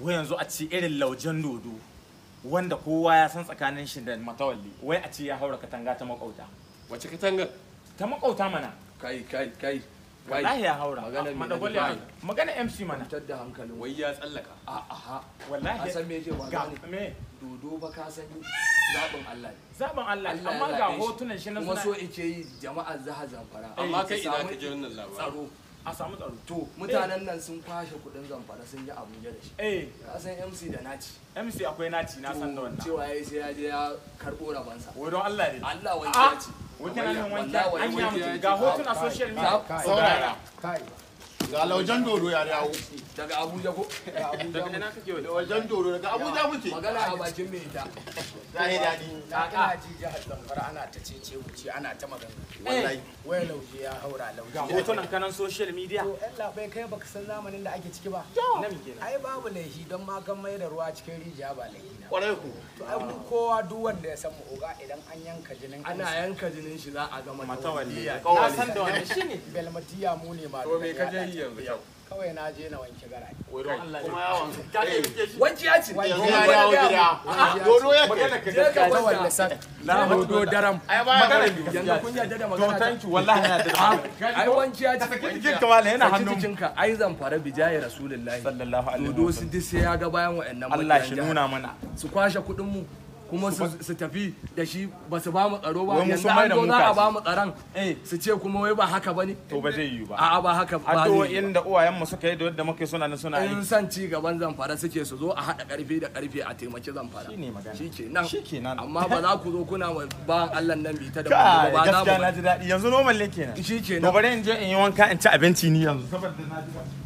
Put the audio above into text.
wai yanzu a ci irin laujen dodo wanda kowa ya san tsakanin shi da matawalli wai a ci ya haura katanga ta makauta wace katanga ta makauta mana kai kai kai wallahi ya haura magana magana MC mana tar da hankalin wai ya tsallaka a aha wallahi san me yake ba me dodo ba ka san zaɓin Allah zaɓin Allah amma ga hotunan shi na suna so ice yi jama'a zaha zamfara amma eh, kai ina ka ji wannan labarin tsaro a samu tsaro to mutanen nan sun kwashe kudin zamfara sun yi abun da shi eh ka san MC da naci MC akwai naci na san da wannan cewa yayi sai ya je ya karbo rabansa wai don Allah ne Allah wai ah! ya ce wai kana nan wanke an yi ga hotuna social media saurara Ga laujan dodo ya dawo. Daga Abuja ko? Daga Abuja. ina daga Abuja muke. Magana a bakin me ta. Zai daɗi. Ka ka jihar Zamfara ana ta cece wuce ana ta magana. Wallahi. Eh, wai lauje ya haura lauje. Ga hotunan kanan social media. To Allah bai kai baka san zamanin da ake ciki ba. Na Ai babu laifi don ma kan mai da ruwa cikin rijiya ba laifi na. Kwarai ku. To ai mu kowa duk wanda ya san mu oga idan an yanka jinin ana yanka jinin shi za a ga matawalliya. Na san da wannan shine. Belmatiya mu ne ma. To me ka je kawai na je na wanke gara kuma ya wanke ta eh. ke shi wanke ya ci ya dawo gida dodo ya ke je ka wanda san na hodo daram ai ba magana yanzu da magana to thank you wallahi na yarda ah, ai wanke ya ci kin kamala yana hannun cinka ai zan fara bijaye sallallahu alaihi wasallam dodo sun sai ya ga bayan wayannan Allah shi nuna mana su kwashe kuɗin mu kuma su tafi da shi ba su ba mu tsaro ba yanzu an zo za a ba mu tsaron eh, su ce kuma wai ba haka bane to ba zai yi ba a'a ba haka ba addu'o'in inda uwayen mu suka yi da yadda muke suna na suna yi in san ci gaban zamfara suke su zo a hada karfi da karfe a taimaki zamfara shine magana nan shikenan nan amma ba za ku zo kuna ba Allah nan bi ta da ba za mu ba gaskiya na ji daɗi yanzu normal ne kenan nan to bari in je in yi wanka in ci abinci ni yanzu saboda na ji daɗi